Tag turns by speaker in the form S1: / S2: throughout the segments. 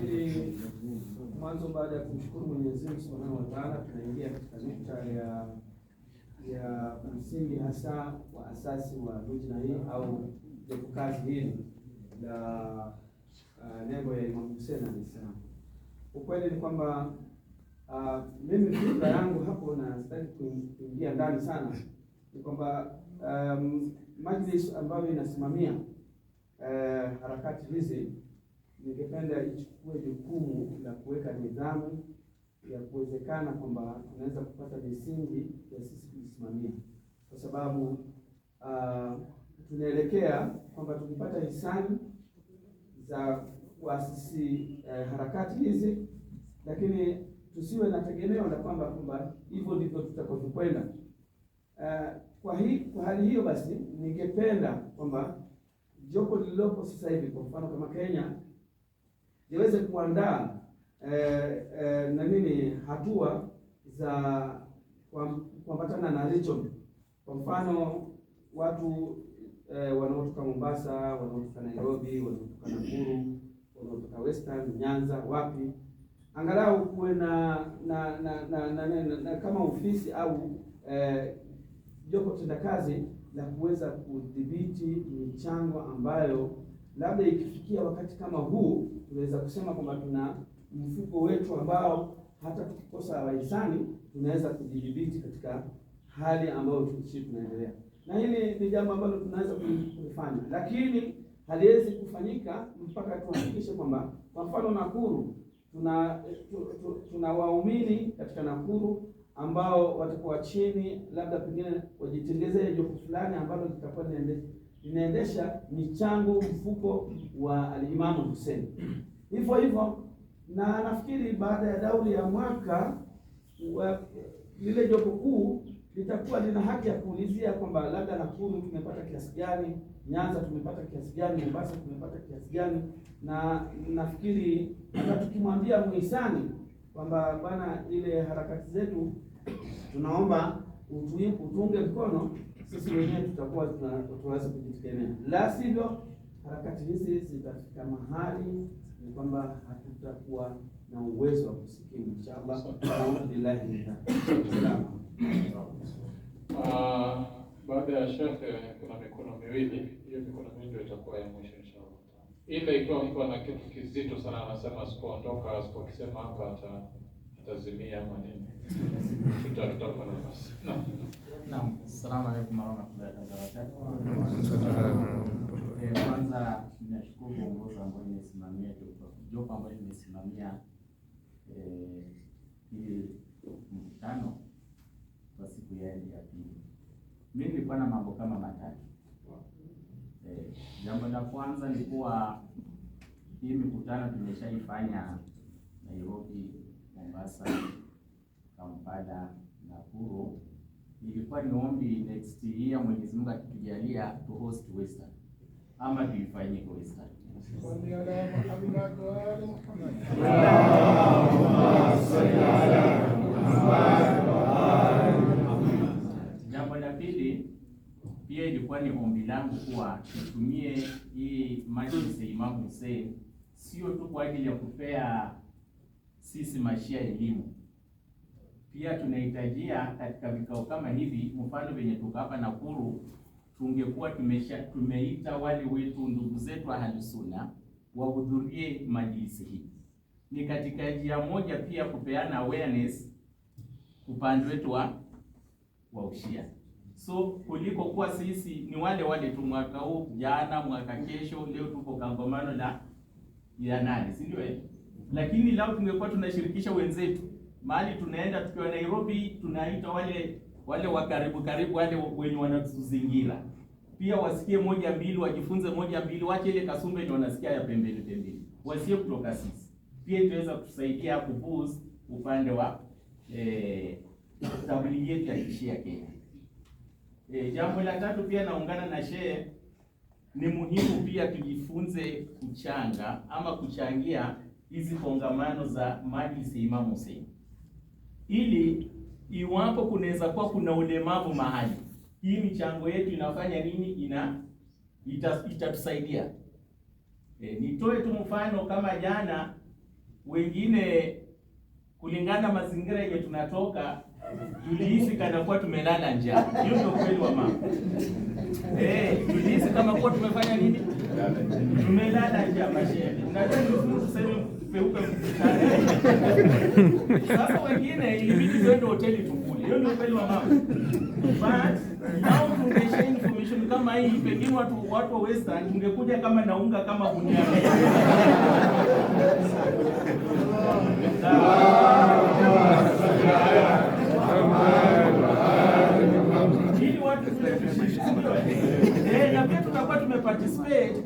S1: Nafikiri mwanzo, baada ya kumshukuru Mwenyezi Mungu Subhanahu wa Ta'ala, tunaingia katika nukta ya ya msingi hasa wa asasi wa lujna hii au kazi hili la uh, lengo ya Imam Hussein alayhis salaam. Ukweli ni kwamba uh, mimi fikra yangu hapo na sitaki kuingia ndani sana, ni kwamba um, majlis ambayo inasimamia uh, harakati hizi ningependa ichukue jukumu la kuweka nidhamu ya kuwezekana kwamba tunaweza kupata misingi ya sisi kujisimamia, kwa sababu uh, tunaelekea kwamba tukipata hisani za kuasisi uh, harakati hizi, lakini tusiwe na tegemeo la kwamba kwamba hivyo ndivyo tutakavyokwenda. Uh, kwa hii kwa hali hiyo basi, ningependa kwamba jopo lililopo sasa hivi, kwa mfano kama Kenya iweze kuandaa eh, eh, na nini hatua za kuambatana na region. Kwa mfano watu eh, wanaotoka Mombasa, wanaotoka Nairobi, wanaotoka Nakuru, wanaotoka Western, Nyanza, wapi, angalau kuwe na na na, na, na, na, na, na kama ofisi au eh, jopo tendakazi la kuweza kudhibiti michango ambayo labda ikifikia wakati kama huu, tunaweza kusema kwamba tuna mfuko wetu ambao hata tukikosa wahisani tunaweza kujidhibiti katika hali ambayo sisi tunaendelea, na hili ni jambo ambalo tunaweza kufanya, lakini haliwezi kufanyika mpaka tuhakikishe kwamba, kwa mfano Nakuru, tuna tuna waumini katika Nakuru ambao watakuwa chini, labda pengine wajitengezee jopo fulani ambalo litakuwa inaendesha michango mfuko wa alimamu Hussein. Hivyo hivyo na nafikiri baada ya dauri ya mwaka wa, lile jopo kuu litakuwa lina haki ya kuulizia kwamba labda Nakuru tumepata kiasi gani, Nyanza tumepata kiasi gani, Mombasa tumepata kiasi gani, na nafikiri hata tukimwambia muhisani kwamba bwana, ile harakati zetu tunaomba utunge mkono sisi wenyewe tutakuwa tunaweza kujitegemea, la sivyo harakati hizi zitafika mahali ni kwamba hatutakuwa na uwezo wa kusikimu inshallah. Alhamdulillah.
S2: Ah, baada ya shehe, kuna mikono miwili, hiyo mikono miwili itakuwa ya mwisho inshallah, Ile ikiwa mtu ana kitu kizito sana anasema sipoondoka, sipokisema hapa ata tutazimia ama nini, tutakuwa na nafasi.
S3: Naam, salamu alaykum warahmatullahi wabarakatuh. Eh, kwanza nashukuru uongozi ambao nimesimamia jopo ambayo nimesimamia eh, hili mkutano kwa siku ya ya pili. Mimi nilikuwa na mambo kama matatu. Eh, jambo la kwanza ni kuwa hii mikutano tumeshaifanya Nairobi Mombasa, Kampala, Nakuru. Ilikuwa ni ombi next year, Mwenyezi Mungu akitujalia, to host Western ama tuifanyike Western. Jambo la pili pia ilikuwa ni ombi langu kuwa tutumie hii majlis ya Imam Hussein sio tu kwa ajili ya kupea sisi Mashia Elimu. Pia tunahitajia katika vikao kama hivi, mfano venye tuko hapa Nakuru, tungekuwa tumesha tumeita wale wetu ndugu zetu wa Sunna wahudhurie majlisi hii. Ni katika njia moja pia kupeana awareness upande wetu wa wa ushia. So kuliko kuwa sisi ni wale wale tu, mwaka huu jana, mwaka kesho, leo tuko kongamano la ya nani, si ndio? Eh? Lakini lau tungekuwa tunashirikisha wenzetu mahali tunaenda, tukiwa Nairobi tunaita wale wale wa karibu karibu, wale wenye wanatuzingira pia wasikie moja mbili, wajifunze moja mbili, wache ile kasumbe ndio wanasikia ya pembeni pembeni, wasikie kutoka sisi. Pia itaweza kutusaidia kupuuz upande wa eh, yetu ya kishia Kenya. E, jambo la tatu pia naungana na shehe, ni muhimu pia tujifunze kuchanga ama kuchangia hizi kongamano za majlisi Imam Hussein, ili iwapo kunaweza kuwa kuna ulemavu mahali, hii michango yetu inafanya nini? Ina itatusaidia ita E, nitoe tu mfano kama jana, wengine kulingana mazingira yenye tunatoka tulihisi kana kuwa tumelala njaa. Hiyo ndio kweli wa mama eh, tulihisi kama kuwa tumefanya nini, tumelala njaa. Mashehe, najua sasa meupe Wengine ilibidi tuende hoteli tukule, hiyo ni ukweli wa mambo. But au information kama hii, pengine watu watu wa Western ungekuja kama naunga kama gunia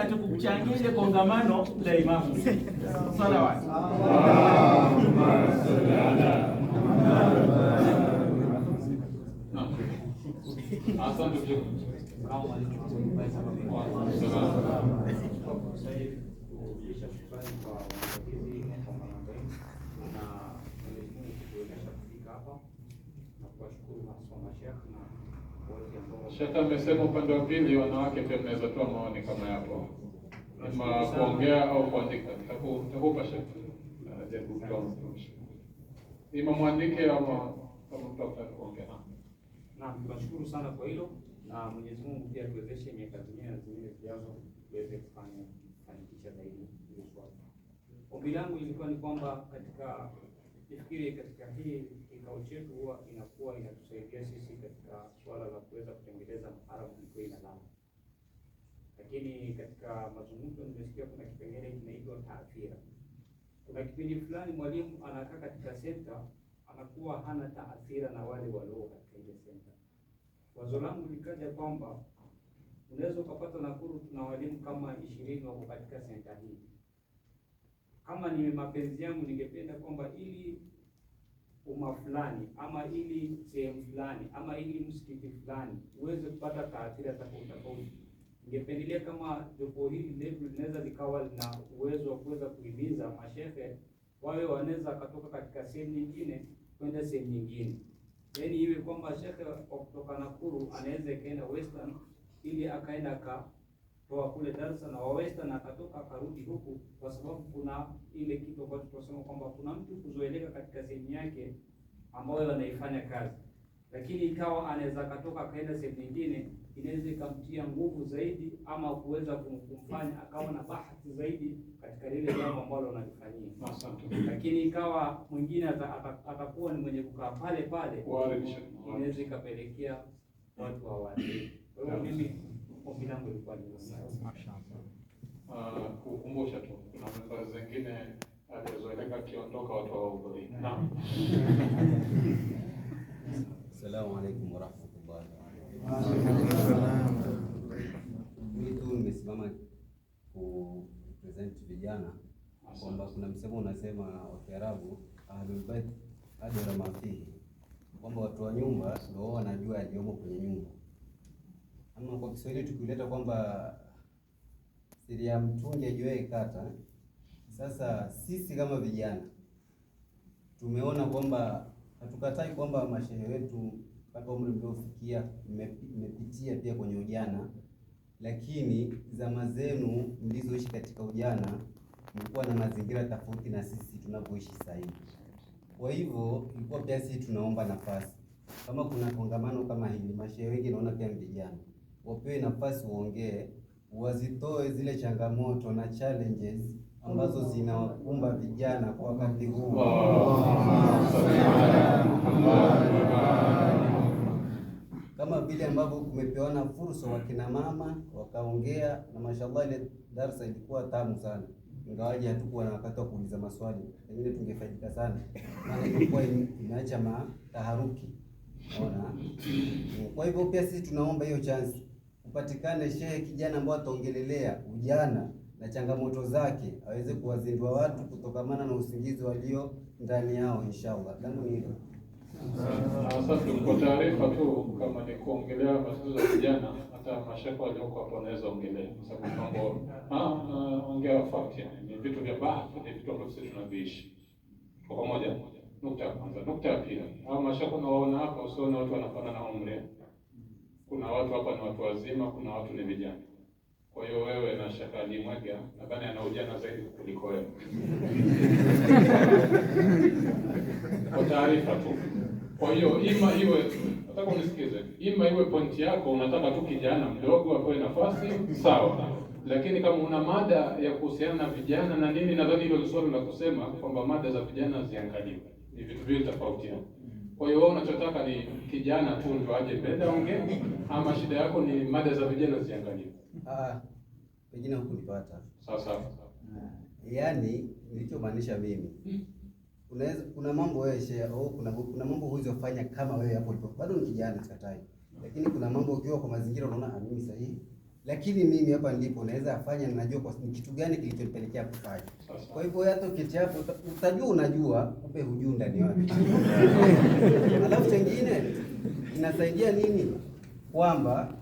S3: katika ile kongamano la imamu salawat.
S2: Shekh amesema upande wa pili, wanawake pia mnaweza toa maoni kama yapo, ama kuongea au kuandika. Nitakupa Shekh ima mwandike ama kama mtu ataka kuongea.
S3: Naam, tunashukuru sana kwa hilo na Mwenyezi Mungu pia tuwezeshe miaka zingine na zingine zijazo tuweze kufanya kufanikisha zaidi Ombi langu ilikuwa ni kwamba katika ifikiri katika hii akaunti yetu huwa inakuwa inatusaidia sisi katika swala la kuweza kutengeneza mharabu na alama, lakini katika mazungumzo nimesikia kuna kipengele kinaitwa taathira. Kuna kipindi fulani mwalimu anakaa katika senta anakuwa hana taathira na wale walio katika ile senta. Wazo langu likaja kwamba unaweza ukapata Nakuru tuna walimu kama ishirini wako katika senta hii. Kama ni mapenzi yangu, ningependa kwamba ili umma fulani ama ili sehemu fulani ama ili msikiti fulani uweze kupata taathira tofauti tofauti. Ningependelea kama jopo hili letu linaweza likawa lina uwezo wa kuweza kuhimiza mashehe wawe wanaweza katoka katika sehemu nyingine kwenda sehemu nyingine, yaani iwe kwamba shehe wa kutoka Nakuru anaweza ikaenda Western ili akaenda ka kutoka kule Dar es Salaam na akatoka akarudi huku, kwa sababu kuna ile kitu ambacho tunasema kwamba kuna mtu kuzoeleka katika sehemu yake ambayo anaifanya kazi, lakini ikawa anaweza akatoka akaenda sehemu nyingine, inaweza ikamtia nguvu zaidi ama kuweza kumfanya akawa na bahati zaidi katika lile jambo ambalo analifanyia. Lakini ikawa mwingine atakuwa ni mwenye kukaa pale pale, inaweza ikapelekea watu hawaandiki. Kwa hiyo mimi ombi langu ilikuwa ni
S2: ah, kukumbusha tu, meza zingine alizoeleka ah, watu wahudhurii.
S3: Assalamu alaikum warahmatullahi wabarakatuh. Mimi tu nimesimama kupresent vijana kwamba kuna msemo unasema wa Kiarabu ahlul bait adra ma fihi, kwamba watu wa nyumba ndio wanajua yaliyomo kwenye nyumba ama kwa Kiswahili tukileta kwamba siri ya mtungi ajuaye kata. Sasa sisi kama vijana tumeona kwamba hatukatai kwamba mashehe wetu mpaka umri mliofikia mmepitia pia kwenye ujana, lakini zama zenu mlizoishi katika ujana mlikuwa na mazingira tofauti na sisi tunavyoishi sasa hivi. Kwa hivyo ilikuwa pia sisi tunaomba nafasi, kama kuna kongamano kama hili, mashehe wengi naona pia vijana wapewe nafasi waongee, wazitoe zile changamoto na challenges ambazo zinawakumba vijana kwa wakati huu. Kama vile ambavyo kumepewana fursa wakina mama wakaongea, na mashallah ile darasa ilikuwa tamu sana, ingawaje hatukuwa na wakati wa kuuliza maswali, pengine tungefaidika sana, maana ilikuwa inaacha mataharuki. Ona, kwa hivyo pia sisi tunaomba hiyo chansi kupatikane shehe kijana ambaye ataongelelea ujana na changamoto zake, aweze kuwazindua watu kutokamana na usingizi walio ndani yao, inshallah. Langu ni hilo.
S2: Asante kwa taarifa tu, kama ni kuongelea matatizo ya vijana, hata mashaka walioko hapo wanaweza ongelea, kwa sababu mambo ah, ah ongea fakti, ni vitu vya bahati, ni vitu ambavyo sisi tunaviishi kwa pamoja. Nukta ya kwanza. Nukta ya pili, hao mashaka unaoona hapa, usione watu wanafanana na umri kuna watu hapa ni watu wazima, kuna watu ni vijana. Kwa hiyo wewe na shaka ni Mwega nadhani ana ujana zaidi kuliko wewe. Kwa taarifa tu. Kwa hiyo ima iwe nataka unisikize, ima iwe pointi yako unataka tu kijana mdogo apewe nafasi, sawa. Lakini kama una mada ya kuhusiana na vijana na nini, nadhani hilo swali la kusema kwamba mada za vijana ziangaliwe, ni vitu vile tofauti. Kwa hiyo unachotaka ni kijana tu ndio aje mbele aongee, ama shida yako ni mada za vijana ziangalie?
S3: Ah, pengine hukunipata.
S2: Sawa sawa. Ah,
S3: yaani nilichomaanisha mimi unaweza kuna mambo wewe share au kuna kuna mambo kufanya kama wewe hapo ulipo bado ni kijana sikatai, lakini kuna mambo ukiwa kwa mazingira unaona ah, mimi sahihi lakini mimi hapa nilipo naweza afanya na najua kwa ni kitu gani kilichopelekea kufanya. Kwa hivyo hata kiti hapo utajua, unajua kumbe hujui ndani wapi. Alafu chengine inasaidia nini? Kwamba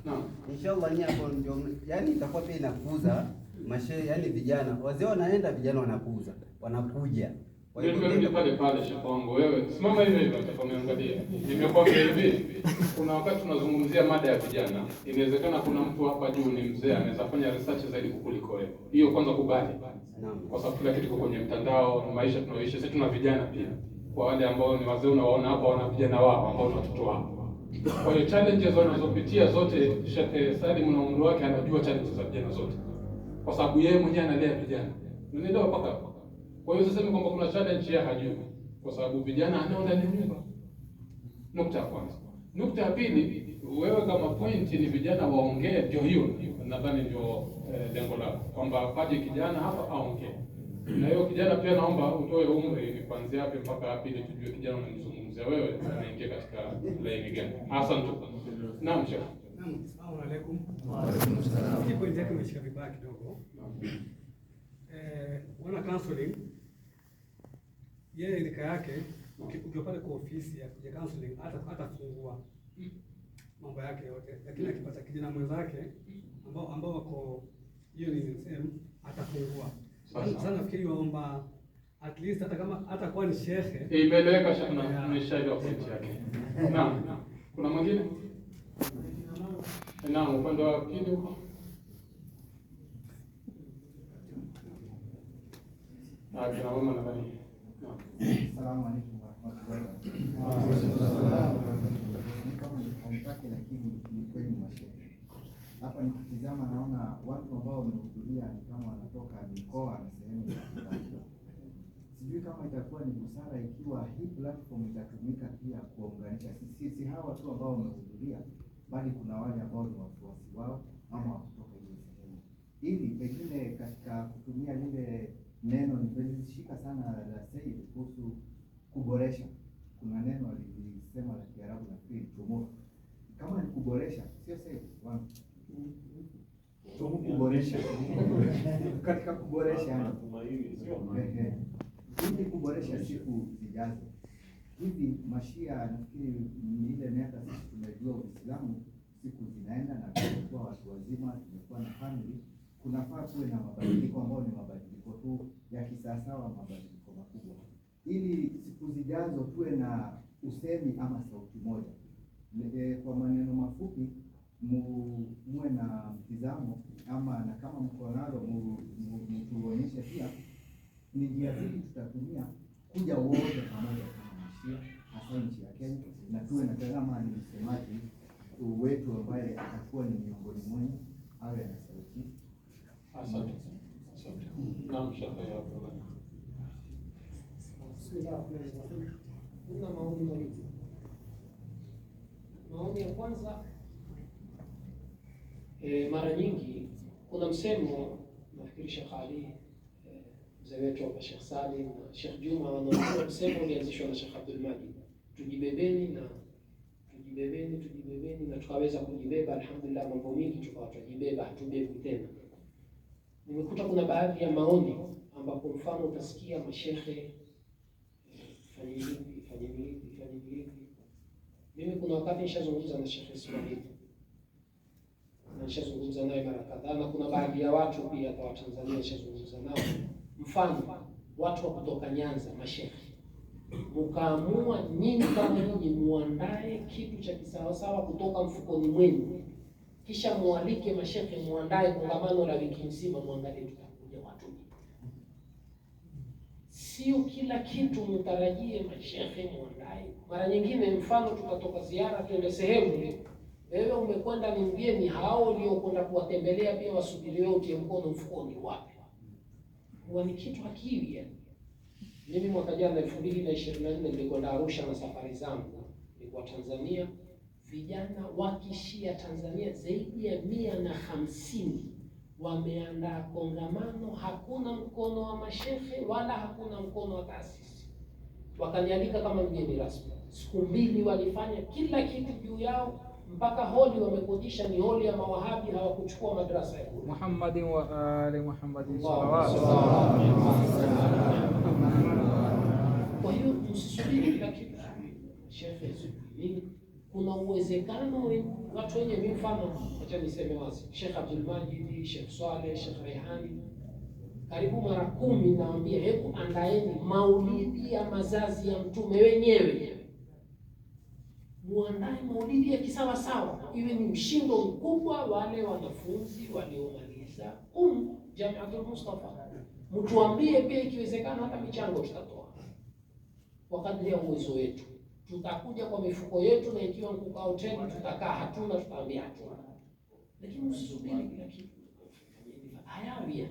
S3: inshallah ni hapo ndio, yani itakuwa pia inakuza mashe, yani vijana wazee wanaenda, vijana wanakuza, wanakuja
S2: Nimerudi pale pale shapangu, wewe simama hivi hivi, utakaoniangalia. Nimekwambia hivi, kuna wakati tunazungumzia mada ya vijana, inawezekana kuna mtu hapa juu ni mzee, anaweza fanya research zaidi kukuliko wewe. Hiyo kwanza kubali, kwa sababu kila kitu kiko kwenye mtandao. Maisha tunaoishi sisi tuna vijana pia, kwa wale ambao ni wazee unawaona hapa, wana vijana wao ambao ni watoto wao. Kwa hiyo challenges wanazopitia zote, Sheikh Salim na umri wake anajua challenges za vijana zote, kwa sababu yeye mwenyewe analea vijana, unaelewa mpaka kwa hiyo siseme kwamba kuna challenge ya hajui, kwa sababu vijana anao ndani ya nyumba. Nukta ya kwanza. Nukta ya pili, wewe kama point ni vijana waongee, ndio hiyo nadhani ndio eh, lengo eh, lako kwamba paje kijana hapa aongee. Na hiyo kijana pia naomba utoe umri ni kuanzia hapo mpaka hapo, ili tujue kijana unamzungumzia wewe anaingia katika laini gani. Asante. Naam, sheikh.
S4: Naam, assalamu alaykum. Wa alaykum assalam. Kipoint yake imeshika vibaya kidogo. Eh, wana counseling yeye rika yake ukiwa pale kwa ofisi ya ya counseling hata hatafungua mambo yake yote, lakini mm. akipata kijana mwenzake ambao ambao wako hiyo ni same atafungua sana. Nafikiri waomba at least hata kama hata kwa ni shehe, imeleweka eh,
S2: imeeleweka sana, nimeshaelewa point yake. Naam, naam, kuna mwingine eh, naam, upande wa pili huko Ah, kuna mama na nadhani
S5: Salamu aleikum warahmatullahi wabarakatuh. Lakini ni kweli mashehe, hapa nikitizama naona watu ambao wamehudhuria ni kama wanatoka mikoa na sehemu mbalimbali. Sijui kama itakuwa ni busara ikiwa hii platform itatumika pia kuwaunganisha sisi hawa watu ambao wamehudhuria, bali kuna wale ambao ni wafuasi wao ama wakutoka hiyo sehemu, ili pengine katika kutumia lile Tulishika sana la Said kuhusu kuboresha. Kuna neno alilisema la Kiarabu na pili promote. Kama ni kuboresha, sio Said
S2: wangu. kuboresha.
S5: Katika kuboresha ili kuboresha siku zijazo. Hivi Mashia nafikiri ni ile miaka sisi tumejua Uislamu, siku zinaenda na tumekuwa watu wazima, tumekuwa na family, kunafaa kuwe na mabadiliko ambayo ni mabadiliko tu ya kisawasawa mabadiliko makubwa, ili siku zijazo tuwe na usemi ama sauti moja. E, e, kwa maneno mafupi muwe na mtizamo ama na kama mko nalo mtuonyeshe pia ni njia zipi tutatumia kuja wote pamoja kuhamasisha hasa nchi ya Kenya, na tuwe na tazama ni msemaji wetu ambaye atakuwa ni miongoni mwenu awe na sauti.
S2: Asante. Kuna
S4: e, mara nyingi kuna msemo nafikiri shekh Ali e, mzee wetu hapa shekh Salim na shekh Juma wanaa msemo ulianzishwa na shekh Abdul tujibebeni na tujibebeni, tujibebeni na tukaweza kujibeba, alhamdulillah, mambo mingi tukawa twajibeba hatubebi tena nimekuta kuna baadhi ya maoni ambapo mfano utasikia mashehe eh, fanyilipi Mimi kuna wakati nishazungumza na shehe Ismail na nishazungumza naye mara kadhaa, na kuna baadhi ya watu pia kwa Tanzania nishazungumza nao, mfano watu wa kutoka Nyanza, mashehe mkaamua nyinyi kama nyinyi muandae kitu cha kisawasawa kutoka mfukoni mwenu kisha mualike mashekhe, muandae kongamano la wiki nzima, mwangalie tutakuja watu. Sio kila kitu mtarajie mashekhe, muandae. Mara nyingine mfano tukatoka ziara tuende sehemu, wewe umekwenda ni mgeni, hao uliokwenda kuwatembelea pia wasubiri wewe, utie mkono mfukoni, wapi huwa ni kitu akili yani. Mimi mwaka jana elfu mbili na ishirini na nne nilikwenda Arusha na safari zangu, nilikuwa Tanzania vijana wakishia Tanzania zaidi ya mia na hamsini wameandaa kongamano. Hakuna mkono wa mashehe wala hakuna mkono wa taasisi, wakanialika kama mgeni rasmi. Siku mbili walifanya kila kitu juu yao, mpaka holi wamekodisha, ni holi ya mawahabi, hawakuchukua madrasa ya
S2: Muhammadin wa ali Muhammadin sallallahu alaihi
S4: wasallam. Kwa hiyo msisubiri kila kitu, shehe subiri kuna uwezekano watu wenye mi, mfano acha niseme wazi, Sheikh Abdul Majid, Sheikh swale Sheikh Rehani, karibu mara kumi naambia, hebu andaeni maulidi ya mazazi ya mtume wenyewe, muandae maulidi ya kisawasawa, iwe ni mshindo mkubwa. Wale wanafunzi waliomaliza um Jamiatul Mustafa, mtuambie pia, ikiwezekana hata michango tutatoa kwa kadri ya uwezo wetu tutakuja kwa mifuko yetu, na ikiwa mkukao tena tutakaa hatuna, tutaambia hatuna. Lakini msisubiri kila kitu ayawia.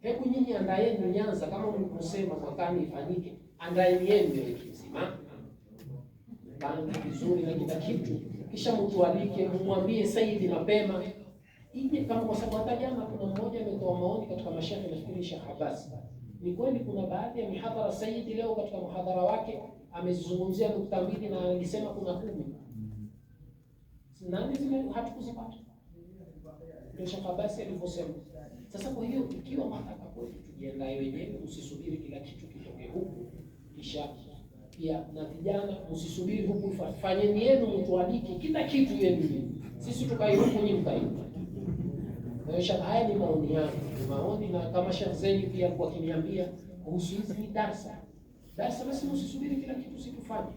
S4: Hebu nyinyi andaeni Nyanza kama mlivyosema mwakani ifanyike, andaeni yenu wiki kizima mpange vizuri na kila kitu, kisha mtualike, mwambie Saidi mapema ije, kama kwa sababu hata jana kuna mmoja ametoa maoni katika mashaikh, nafikiri Sheikh Abbas ni kweli kuna baadhi ya mihadhara, Sayyid leo katika mhadhara wake amezungumzia nukta mbili na alisema kuna kumi nani zime hatukuzipata, ndio Sheikh Abbas alivyosema. Sasa kwa hiyo ikiwa mataka kwetu tujiandae wenyewe, usisubiri kila kitu kitoke huku kisha pia na vijana msisubiri huku, fanyeni yenu mtualike kila kitu yenu, sisi tukai huku nyinyi mkai Naonyesha haya ni maoni yangu, ni maoni na tamasha zeni pia kwa kiniambia kuhusu hizi darsa darsa, basi usisubiri kila kitu sikufanye.